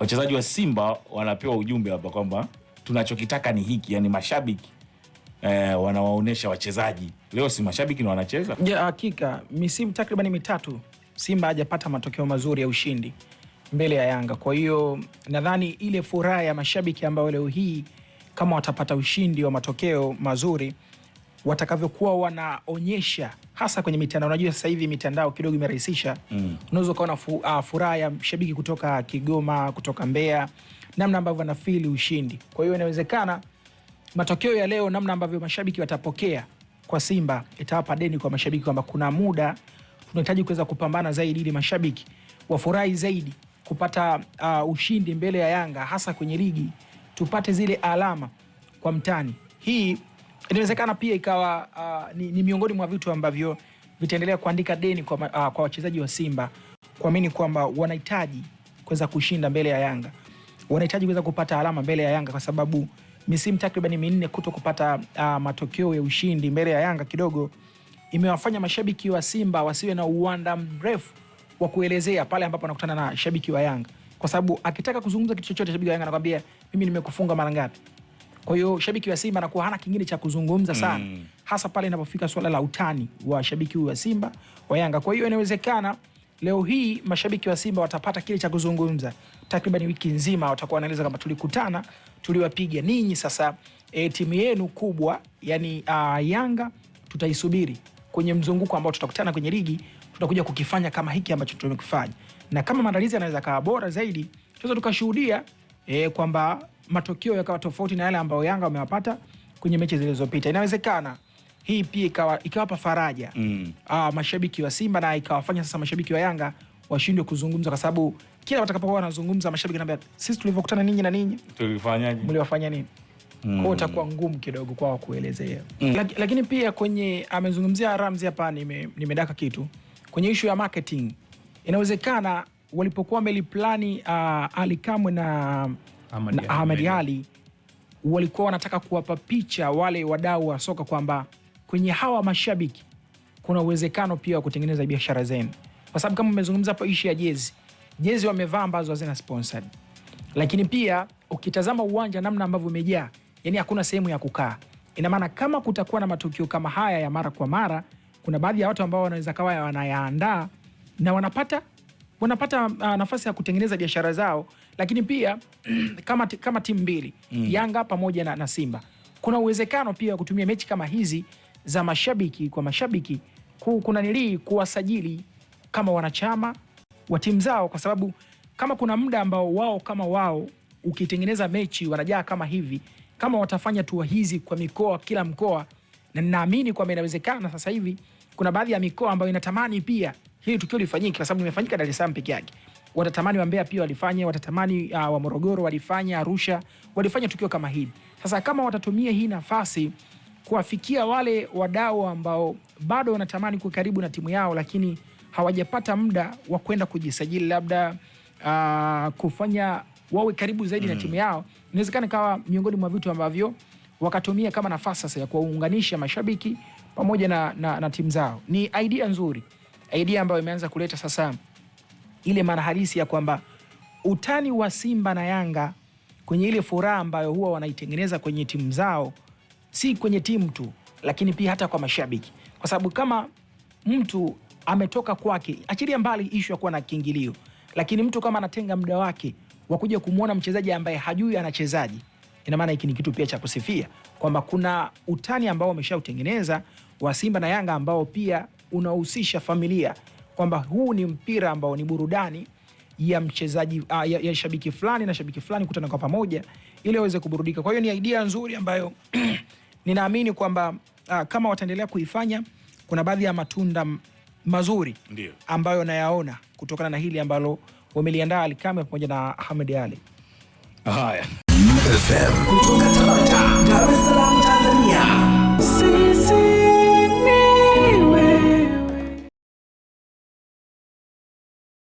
Wachezaji wa Simba wanapewa ujumbe hapa kwamba tunachokitaka ni hiki, yani mashabiki eh, wanawaonyesha wachezaji leo, si mashabiki na wanacheza. hakika misimu takriban mitatu Simba hajapata matokeo mazuri ya ushindi mbele ya Yanga. Kwa hiyo nadhani ile furaha ya mashabiki ambayo leo hii kama watapata ushindi wa matokeo mazuri watakavyokuwa wanaonyesha hasa kwenye mitandao. Unajua sasa hivi mitandao kidogo imerahisisha mm. Unaweza ukaona fu, uh, furaha ya shabiki kutoka Kigoma, kutoka Mbeya, namna ambavyo anafili ushindi. Kwa hiyo inawezekana matokeo ya leo, namna ambavyo mashabiki watapokea kwa Simba itawapa deni kwa mashabiki kwamba kuna muda tunahitaji kuweza kupambana zaidi ili mashabiki wafurahi zaidi kupata uh, ushindi mbele ya Yanga hasa kwenye ligi tupate zile alama kwa mtani hii inawezekana pia ikawa uh, ni, ni miongoni mwa vitu ambavyo vitaendelea kuandika deni kwa, uh, kwa wachezaji wa Simba kuamini kwamba wanahitaji kuweza kushinda mbele ya Yanga, wanahitaji kuweza kupata alama mbele ya Yanga kwa sababu misimu takriban minne kuto kupata uh, matokeo ya ushindi mbele ya Yanga kidogo imewafanya mashabiki wa Simba wasiwe na uwanda mrefu wa kuelezea pale ambapo anakutana na shabiki wa Yanga, kwa sababu akitaka kuzungumza kitu chochote, shabiki wa Yanga anakwambia mimi nimekufunga mara ngapi? Kwa hiyo shabiki wa Simba anakuwa hana kingine cha kuzungumza mm. sana mm. hasa pale inapofika swala la utani wa shabiki huyu wa Simba wa Yanga. Kwa hiyo inawezekana leo hii mashabiki wa Simba watapata kile cha kuzungumza takriban wiki nzima, watakuwa wanaeleza kama tulikutana, tuliwapiga ninyi. Sasa e, timu yenu kubwa yani uh, Yanga tutaisubiri kwenye mzunguko ambao tutakutana kwenye ligi, tutakuja kukifanya kama hiki ambacho tumekifanya, na kama maandalizi yanaweza kawa bora zaidi, tunaweza tukashuhudia e, kwamba matokeo yakawa tofauti na yale ambayo Yanga wamewapata kwenye mechi zilizopita. Inawezekana hii pia ikawa, ikawapa faraja mm. ah, mashabiki wa Simba na ikawafanya sasa mashabiki wa Yanga washindwe kuzungumza kwa sababu kila watakapokuwa wanazungumza mashabiki naambia sisi tulivyokutana ninyi na ninyi tulifanyaje, mliwafanya nini? Mm. Kwao itakuwa ngumu kidogo kwao kuelezea mm. Lak, lakini pia kwenye amezungumzia Ramzi hapa, nime, nimedaka kitu kwenye ishu ya marketing. Inawezekana walipokuwa plani uh, ah, Alikamwe na na Ahmed Ali walikuwa wanataka kuwapa picha wale wadau wa soka kwamba kwenye hawa mashabiki kuna uwezekano pia wa kutengeneza biashara zenu, kwa sababu kama umezungumza hapo ishi ya jezi, jezi wamevaa ambazo hazina sponsor, lakini pia ukitazama uwanja namna ambavyo umejaa, yani hakuna sehemu ya kukaa. Ina maana kama kutakuwa na matukio kama haya ya mara kwa mara, kuna baadhi ya watu ambao wanaweza kawa wanayaandaa na wanapata wanapata ah, nafasi ya kutengeneza biashara zao lakini pia kama, kama timu mbili mm. Yanga pamoja na, na Simba kuna uwezekano pia wa kutumia mechi kama hizi za mashabiki kwa mashabiki ku, kuna nilii kuwasajili kama wanachama wa timu zao, kwa sababu kama kuna muda ambao wao kama wao ukitengeneza mechi wanajaa kama hivi, kama watafanya tua hizi kwa mikoa, kila mkoa, na ninaamini kwamba inawezekana. Sasa hivi kuna baadhi ya mikoa ambayo inatamani pia hili tukio lifanyike, kwa sababu limefanyika Dar es Salaam peke yake watatamani wa Mbeya pia walifanya, watatamani uh, wa Morogoro walifanya, Arusha walifanya tukio kama hili. Sasa kama watatumia hii nafasi kuwafikia wale wadau ambao bado wanatamani kuwa karibu na timu yao, lakini hawajapata muda wa kwenda kujisajili, labda uh, kufanya wawe karibu zaidi mm. na timu yao, inawezekana kawa miongoni mwa vitu ambavyo wakatumia kama nafasi sasa ya kuwaunganisha mashabiki pamoja na, na, na timu zao. Ni idea nzuri, idea ambayo imeanza kuleta sasa ile maana halisi ya kwamba utani wa Simba na Yanga kwenye ile furaha ambayo huwa wanaitengeneza kwenye timu zao, si kwenye timu tu, lakini pia hata kwa mashabiki, kwa sababu kama mtu ametoka kwake, achilia mbali ishu ya kuwa na kiingilio, lakini mtu kama anatenga muda wake wa kuja kumwona mchezaji ambaye hajui anachezaji, ina maana hiki ni kitu pia cha kusifia kwamba kuna utani ambao wameshautengeneza wa Simba na Yanga ambao pia unahusisha familia kwamba huu ni mpira ambao ni burudani ya mchezaji uh, ya, ya shabiki fulani na shabiki fulani kutana kwa pamoja ili waweze kuburudika. Kwa hiyo ni idea nzuri ambayo ninaamini kwamba uh, kama wataendelea kuifanya kuna baadhi ya matunda mazuri Ndiyo. ambayo nayaona kutokana na hili ambalo wameliandaa Ally pamoja na Ahmed Ally. Haya. FM.